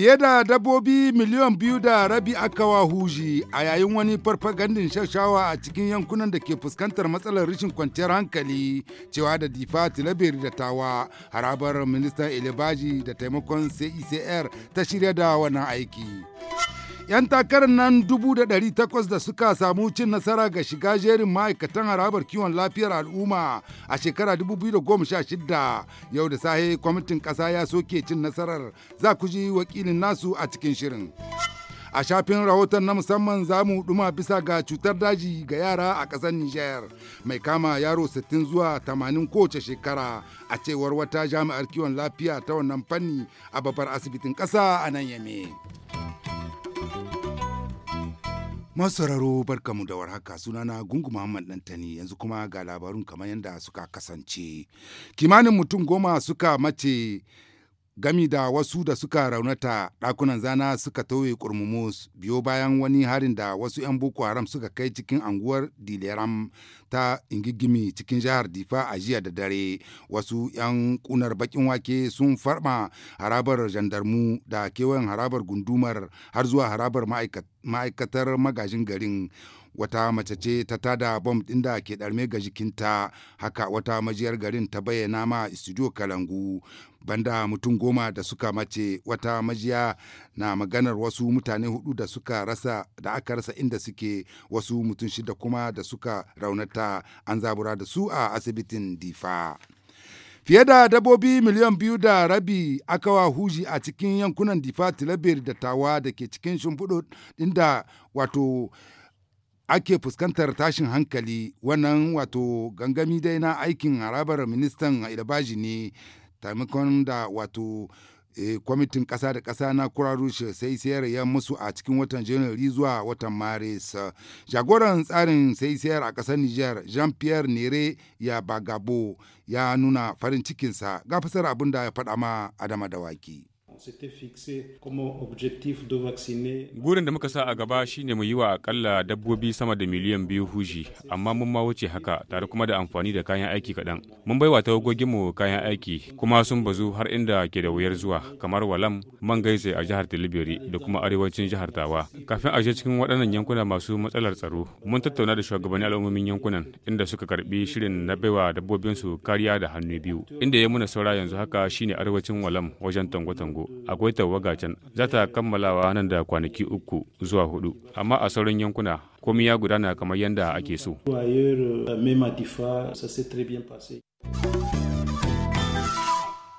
Fiye da dabbobi miliyan biyu da rabi aka wa huji a yayin wani farfagandin shashawa a cikin yankunan da ke fuskantar matsalar rashin kwanciyar hankali cewa da difa tilaberi da tawa harabar ministan ilibaji da taimakon cecr ta shirya da wannan aiki. 'yan takarar nan dubu da ɗari takwas da suka samu cin nasara ga shiga jerin ma'aikatan harabar kiwon lafiyar al'umma a shekara 2016 yau da sahe kwamitin ƙasa ya soke cin nasarar za ku ji wakilin nasu a cikin shirin. a shafin rahoton na musamman za mu ɗuma bisa ga cutar daji ga yara a ƙasar Nijar mai kama yaro 60 zuwa 80 kowace shekara a cewar wata jami'ar kiwon lafiya ta wannan fanni a babbar asibitin ƙasa a nan yame. barka barkamu da warhaka sunana Gungu Muhammad Dantani yanzu kuma ga labarun kamar yadda suka kasance. Kimanin mutum goma suka mace gami da wasu da suka raunata ɗakunan zana suka tauye kurmumus biyo bayan wani harin da wasu 'yan boko haram suka kai cikin anguwar dileram ta ingigimi cikin jihar difa a jiya da dare wasu 'yan kunar bakin wake sun farma harabar jandarmu da kewayen harabar gundumar har zuwa harabar ma'aikatar magajin garin wata mace ce ta tada bom ɗin da ke ɗarme ga jikinta haka wata majiyar garin ta bayyana ma studio kalangu banda mutum goma da suka mace wata majiya na maganar wasu mutane hudu da suka rasa da aka rasa inda suke wasu mutum shida kuma da suka raunata an zabura da su a asibitin difa fiye da dabbobi miliyan biyu da rabi aka wa huji a cikin yankunan difa tilabir da tawa da ke cikin shimfiɗo inda wato ake fuskantar tashin hankali wannan wato gangami dai na aikin harabar ministan ilbaji ne taimakon da wato e, kwamitin ƙasa da ƙasa na kurarushe sai sayar ya musu a cikin watan janairu zuwa watan maris jagoran tsarin sai sayar a ƙasar niger jean pierre nere ya bagabo ya nuna farin cikinsa ga fasar abin da ya faɗa ma adama da dawaki Gurin da muka sa a gaba shine mu yi wa akalla dabbobi sama da miliyan biyu huji, amma mun ma wuce haka tare kuma da amfani da kayan aiki kaɗan. Mun baiwa mu kayan aiki kuma sun bazu har inda ke da wuyar zuwa kamar Walam, man gaise a jihar Tilibiri da kuma arewacin jihar Tawa. Kafin a je cikin waɗannan yankuna masu matsalar tsaro, mun tattauna da shugabannin al'ummomin yankunan inda suka karbi shirin na baiwa dabbobinsu kariya da hannu biyu. Inda ya muna saura yanzu haka shine arewacin Walam wajen tango-tango. akwai tawaga can za ta kammalawa nan da kwanaki uku zuwa hudu amma a sauran yankuna komai ya gudana kamar yadda ake so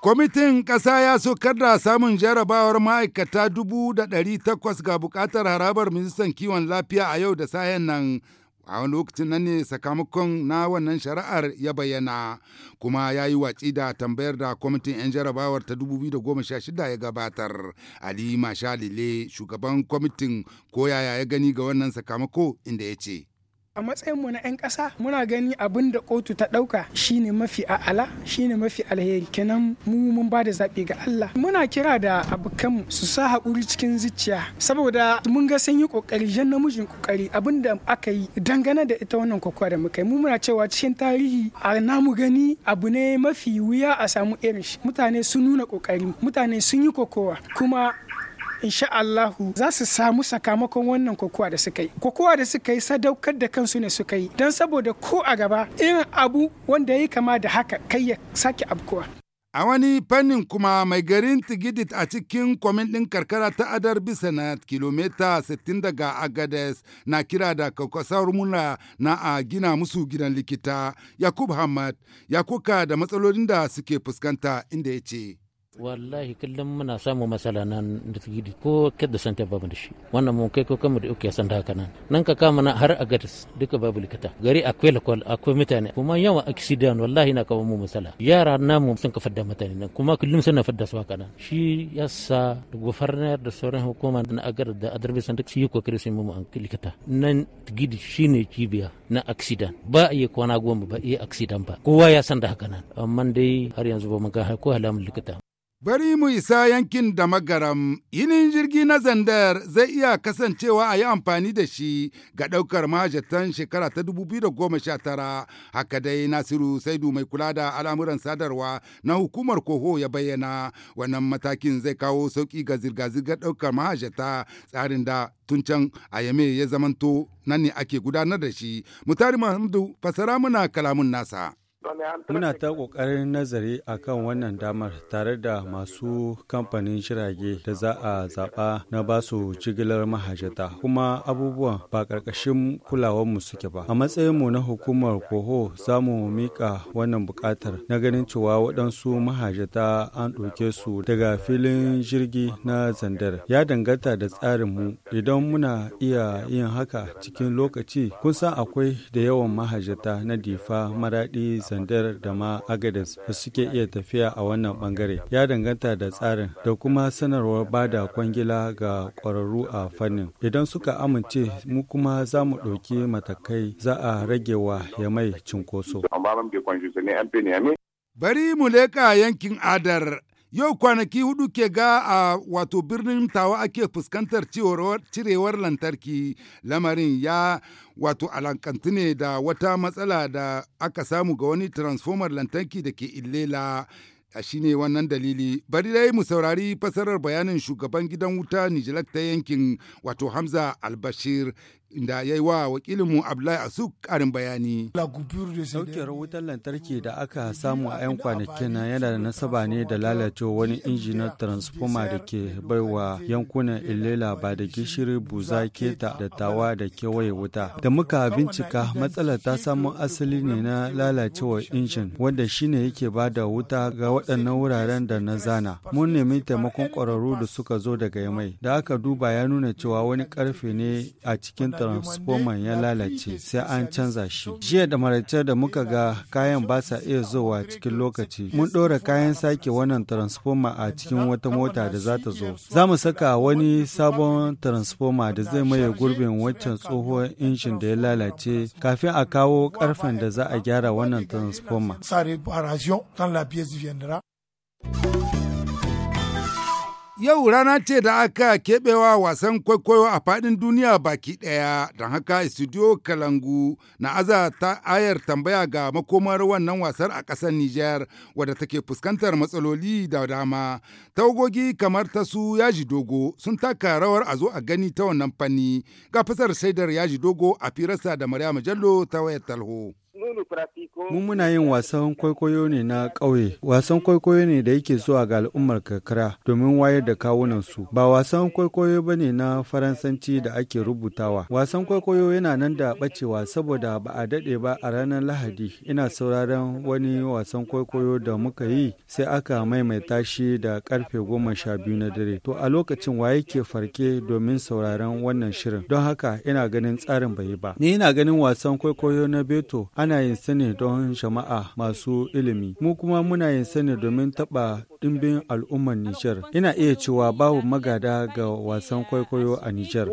Kwamitin ƙasa ya sokar da samun jarabawar ma'aikata dubu da ga buƙatar harabar ministan kiwon lafiya a yau da sayan nan a wani lokacin nan ne sakamakon na wannan shari'ar ya bayyana kuma ya yi watsi da tambayar da kwamitin 'yan jarabawar ta 2016 ya gabatar ali mashalile shugaban kwamitin koyaya ya gani ga wannan sakamako inda ya ce a mu na 'yan ƙasa muna gani abin da kotu ta ɗauka shine mafi a'ala shine mafi alheri kenan mu mun ba da zaɓi ga Allah muna kira da abokan su sa haƙuri cikin zuciya saboda mun ga sun yi ƙoƙari jan namijin ƙoƙari abin da aka yi dangane da ita wannan kokowa da muka yi mu muna cewa cikin tarihi a namu gani abu ne mafi wuya a samu irin shi mutane sun nuna ƙoƙari mutane sun yi kokowa kuma insha Allah za su samu sakamakon wannan kokowa da suka yi kokowa da suka yi sadaukar da kansu ne suka yi don saboda ko a gaba irin abu wanda ya yi kama da haka kai ya sake abkuwa A wani fannin kuma mai garin Tigidit a cikin kwamin ɗin karkara ta Adar bisa na kilomita 60 daga Agades na kira da kakwasar muna na a gina musu gidan likita Yakub Hamad ya kuka da matsalolin da suke fuskanta inda ya ce. wallahi kullum muna samu matsala nan da gidi ko san ta babu da shi wannan mun kai ko kama da uke san da haka nan nan ka kama na har agatis duka babu likita gari akwai lakwal akwai mutane kuma yawan accident wallahi na kawo mu matsala yara namu sun ka fadda mutane nan kuma kullum suna fadda su haka nan shi yasa gufarnar da sauran hukuma na agar da adarbi san duk su yi kokari su mu an likita nan gidi shine kibiya na accident ba a yi kwana goma ba yi accident ba kowa ya san da haka nan amma dai har yanzu ba mu ga ko halamun likita Bari mu isa yankin da magaram, yinin jirgi na zandar zai iya kasancewa a yi amfani da shi ga ɗaukar mahajjatan shekara ta 2019 haka dai Nasiru Saidu mai kula da al'amuran sadarwa na hukumar Koho ya bayyana wannan matakin zai kawo sauƙi ga zirga-zirgar ɗaukar mahajjata tsarin da tun can a yame ya zamanto nan ne ake gudanar da shi. Mutari Muhammadu fasara muna kalamun nasa. Muna ta ƙoƙarin nazari a kan wannan damar tare da masu kamfanin jirage da za a zaɓa na ba su jigilar mahajata kuma abubuwan ba ƙarƙashin kulawarmu suke ba. A matsayinmu na hukumar koho za mu miƙa wannan buƙatar na ganin cewa waɗansu mahajata an ɗauke su daga filin jirgi na zandar. Ya danganta da tsarinmu idan muna iya yin haka cikin lokaci kun san akwai da yawan mahajata na difa maraɗi Sandar da ma agadas da suke iya tafiya a wannan bangare. Ya danganta da tsarin da kuma sanarwar bada kwangila ga ƙwararru a fannin. Idan suka amince mu kuma za mu ɗauki matakai za a rage wa ya mai cinkoso. Bari mu leka yankin adar Yau kwanaki hudu ke ga a wato birnin tawa ake fuskantar cirewar lantarki lamarin ya wato alakantu ne da wata matsala da aka samu ga wani transformer lantarki da ke illela a shi ne wannan dalili bari dai mu saurari fasarar bayanin shugaban gidan wuta nijilak ta yankin wato hamza albashir inda ya yi wa wakilinmu Abdullahi su karin bayani. daukar wutar lantarki da aka samu a 'yan kwanakin nan yana da nasaba ne da lalacewa wani injinar transformer da ke baiwa yankunan Ilela ba da gishiri buza keta da tawa da kewaye wuta. Da muka bincika matsalar ta samu asali ne na lalacewa injin wanda shine yake ba da wuta ga waɗannan wuraren da na zana. Mun nemi taimakon ƙwararru da suka zo daga yamai da aka duba ya nuna cewa wani karfe ne a cikin transformer ya lalace sai an canza shi jiya da maraicar da muka ga kayan ba sa iya zowa cikin lokaci mun ɗora kayan sake wannan transformer a cikin wata mota da za ta zo za mu saka wani sabon transformer da zai maye gurbin waccan tsohon injin da ya lalace kafin a kawo karfen da za a gyara wannan transformer Yau rana ce da aka keɓewa wasan kwaikwayo a faɗin duniya baki ɗaya, don haka Studio Kalangu na aza ta ayar tambaya ga makomar wannan wasar a ƙasar Nijar wadda take fuskantar matsaloli da dama. Tawagogi kamar ta su Yaji Dogo sun taka rawar a zo a gani ta wannan fanni ga fasar shaidar Yaji Dogo a firarsa da Maryam Jallo ta wayar talho. Mun muna yin wasan kwaikwayo ne na ƙauye. Wasan kwaikwayo ne da yake zuwa ga al'ummar karkara domin wayar da kawunan su. Ba wasan kwaikwayo ba ne na Faransanci da ake rubutawa. Wasan kwaikwayo yana nan da ɓacewa saboda ba a daɗe ba a ranar Lahadi. Ina sauraron wani wasan kwaikwayo da muka yi sai aka maimaita shi da karfe goma sha biyu na dare. To a lokacin wa yake farke domin sauraron wannan shirin. Don haka ina ganin tsarin bai ba. Ni ina ganin wasan kwaikwayo na Beto ana yin sani don jama'a masu ilimi. Mu kuma muna yin sani domin taɓa ɗimbin al'ummar Nijar. Ina iya cewa babu magada ga wasan kwaikwayo a Nijar.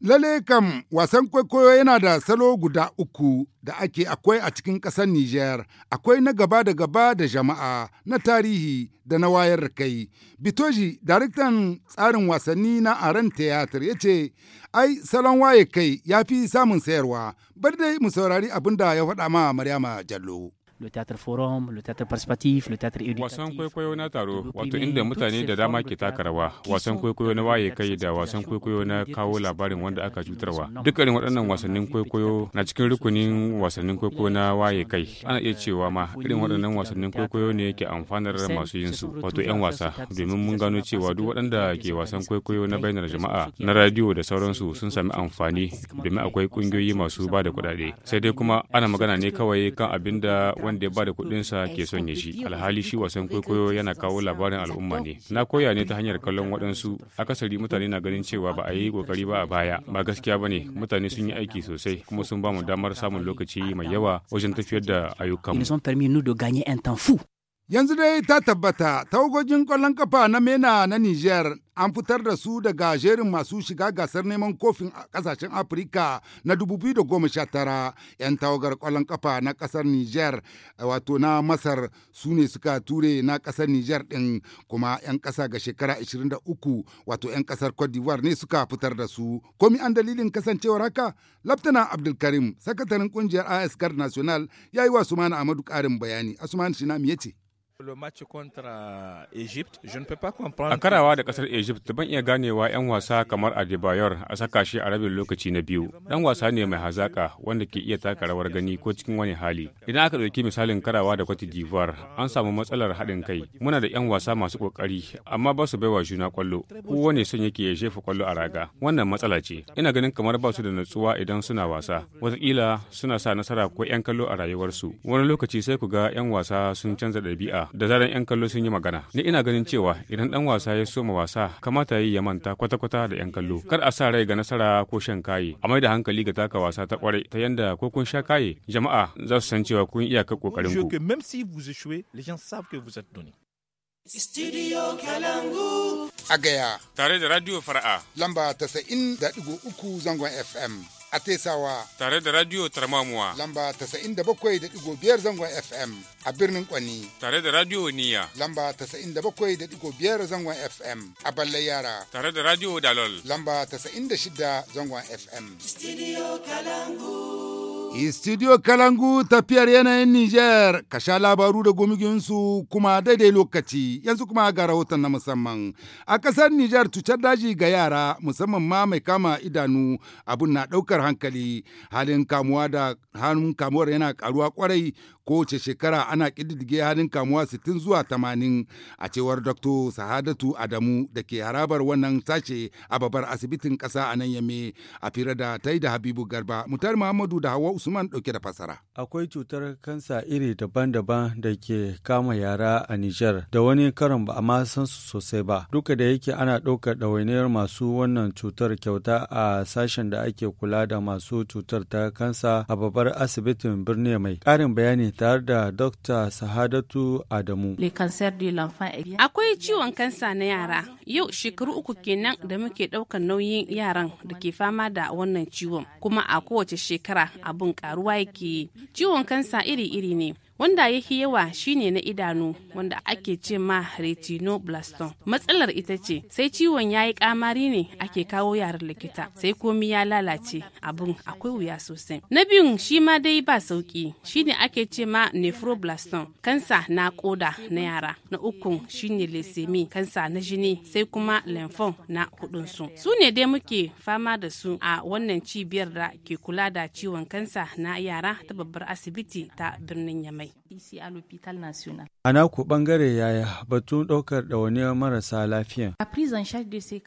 Lale kam wasan kwaikwayo yana da salo guda uku da ake akwai a cikin ƙasar Nijar, akwai na gaba da gaba da jama'a, na tarihi da na wayar kai. Bitoji, daraktan tsarin wasanni na Aren Theater ya ce, ai salon waye kai ya fi samun sayarwa, bar dai mu saurari abin da ya faɗa ma Maryama Jallo. wasan kwaikwayo na taro wato inda mutane da dama ke taka rawa wasan kwaikwayo na waye kai da wasan kwaikwayo na kawo labarin wanda aka cutarwa dukkanin waɗannan wasannin kwaikwayo na cikin rukunin wasannin kwaikwayo na waye kai ana iya cewa ma irin waɗannan wasannin kwaikwayo ne ke amfanar masu yin su wato 'yan wasa domin mun gano cewa duk waɗanda ke wasan kwaikwayo na bainar jama'a na radio da sauransu sun sami amfani domin akwai ƙungiyoyi masu ba da kuɗaɗe sai dai kuma ana magana ne kawai kan abin da wanda ya bada kuɗinsa ke son ya shi alhali shi wasan kwaikwayo yana kawo labarin al'umma ne na koya ne ta hanyar kallon waɗansu akasari mutane na ganin cewa ba a yi kokari ba a baya ba gaskiya ba ne mutane sun yi aiki sosai kuma sun ba mu damar samun lokaci mai yawa wajen tafiyar da ayyukanmu Yanzu dai ta tabbata tawagogin kwallon kafa na MENA na Nijar an fitar da su daga jerin masu shiga gasar neman kofin a ƙasashen Afirka na 2019 'yan tawagar ƙwallon kafa na ƙasar Nijar wato na Masar su ne suka ture na ƙasar Nijar ɗin kuma 'yan ƙasa ga shekara 23 wato 'yan ƙasar Cote d'Ivoire ne suka fitar da su. Komi an dalilin kasancewar haka? Laftana Abdulkarim, sakataren ƙungiyar AS Guard National ya yi wa Sumana Amadu ƙarin bayani. Asuman Shinami ya ce. A karawa da kasar Egypt ban iya ganewa 'yan wasa kamar Adebayor a saka shi a rabin lokaci na biyu. Dan wasa ne mai hazaka wanda ke iya taka rawar gani ko cikin wani hali. Idan aka ɗauki misalin karawa da Cote d'Ivoire, an samu matsalar haɗin kai. Muna da 'yan wasa masu ƙoƙari amma ba su baiwa juna ƙwallo. ne son yake ya jefa kwallo a raga. Wannan matsala ce. Ina ganin kamar ba su da natsuwa idan suna wasa. Wataƙila suna sa nasara ko 'yan kallo a rayuwarsu. Wani lokaci sai ku ga 'yan wasa sun canza ɗabi'a da zaran 'yan kallo sun yi magana. Ni ina ganin cewa idan dan wasa ya soma wasa kamata yi ya manta kwata-kwata da 'yan kallo. Kar a sa rai ga nasara ko shan kaye. A mai da hankali ga taka wasa ta kwarai ta yanda ko kun sha kaye jama'a za su san cewa kun iyaka kokarin ku. Studio A gaya. Tare da Radio Fara'a. Lamba 90.3 zangon FM. a tesawa. Tare da Radio Tarmamuwa. Lamba 97.5 zangon FM a birnin Kwani. Tare da Radio Niya. Lamba 97.5 zangon FM a ballai Yara. Tare da Radio Dalol. Lamba 96 zangon FM. Studio Kalangu. E, studio Kalangu tafiyar yanayin Nijar ka sha labaru da gumiginsu kuma daidai lokaci yanzu kuma ga rahoton na musamman. A ƙasar Nijar cutar daji ga yara musamman ma mai kama idanu abun na ɗaukar hankali halin kamuwa da hannun kamuwar yana ƙaruwa kwarai. kowace shekara ana ƙididdige halin kamuwa 60 zuwa 80 a cewar dr sahadatu adamu da ke harabar wannan sashe a babar asibitin ƙasa a nan yame a fira da ta da habibu garba mutar muhammadu da hawa usman ɗauke da fasara akwai cutar kansa iri daban-daban da ke kama yara a nijar da wani karon ba a ma san su sosai ba duka da yake ana ɗaukar ɗawainiyar masu wannan cutar kyauta a sashen da ake kula da masu cutar ta kansa a babbar asibitin birni mai ƙarin bayani tare da Dr. Sahadatu Adamu. Akwai ciwon kansa na yara. Yau shekaru uku kenan da muke ɗaukar nauyin yaran da ke fama da wannan ciwon. Kuma a kowace shekara abun karuwa yake. Ciwon kansa iri-iri ne. wanda ya fi yawa shine na idanu wanda ake ce ma retinoblaston matsalar ita ce sai ciwon ya yi kamari ne ake kawo yaran likita sai komi ya lalace abun akwai wuya sosai na biyun shi ma dai ba sauki shine ake ce ma nephroblaston kansa na koda na yara na ukun shine lesemi kansa na jini sai kuma lymphom na hudunsu su ne dai muke fama da su a wannan cibiyar da ke kula da ciwon kansa na yara ta babbar asibiti ta birnin yamai Merci. ici à l'hôpital national. A naku bangare yaya batun ɗaukar ɗawainiyar marasa lafiya. A prison charge de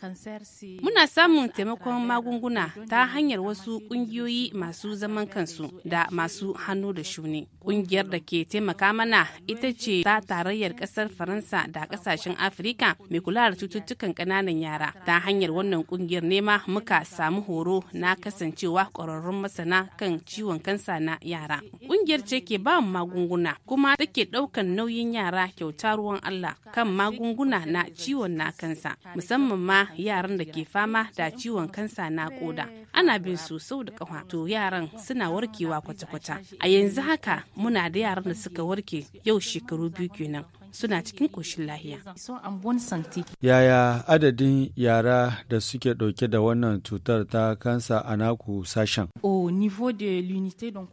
Muna samun taimakon magunguna ta hanyar wasu ƙungiyoyi masu zaman kansu da masu hannu da shuni. Ƙungiyar da ke taimaka mana ita ce ta tarayyar ƙasar Faransa da ƙasashen Afirka mai kula da cututtukan ƙananan yara. Ta hanyar wannan ƙungiyar nema muka samu horo na kasancewa ƙwararrun masana kan ciwon kansa na yara. Ƙungiyar ce ke ba magunguna magunguna kuma take ɗaukan nauyin yara kyauta ruwan Allah kan magunguna na ciwon na kansa musamman ma yaran da ke fama da ciwon kansa na koda. Ana bin su sau da kafa to yaran suna warkewa kwata-kwata. A yanzu haka muna da yaran da suka warke yau shekaru biyu kenan. suna cikin koshin lahiya. Yaya adadin yara da suke ɗauke da wannan cutar ta kansa a naku sashen?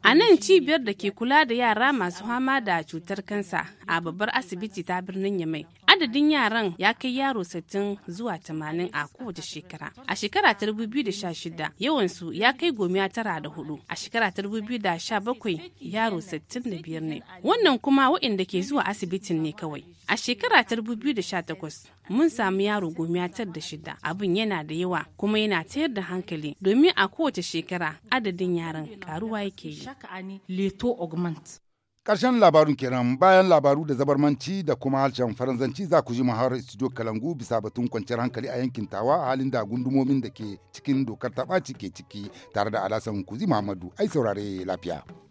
A nan cibiyar da ke kula da yara masu fama da cutar kansa a babbar asibiti ta birnin Yamai Adadin yaran ya kai yaro 60 zuwa 80 a kowace shekara. A shekara ta 2016 yawansu ya kai gomiya tara da hudu. A shekara ta 2017 yaro 65 ne. Wannan kuma waɗanda ke zuwa asibitin ne kawai. A shekara ta 2018 mun samu yaro gomiya tar da shida. Abin yana da yawa kuma yana tayar da hankali domin a kowace shekara adadin yaran karuwa yake yi. karshen labarun kenan bayan labaru da zabarmanci da kuma harshen faranzanci za ku ji mahawar studio Kalangu bisa batun kwanciyar hankali a yankin Tawa a halin da gundumomin da ke cikin dokar taɓaci ke ciki tare da Alasan Kuzi Muhammadu ai saurare lafiya.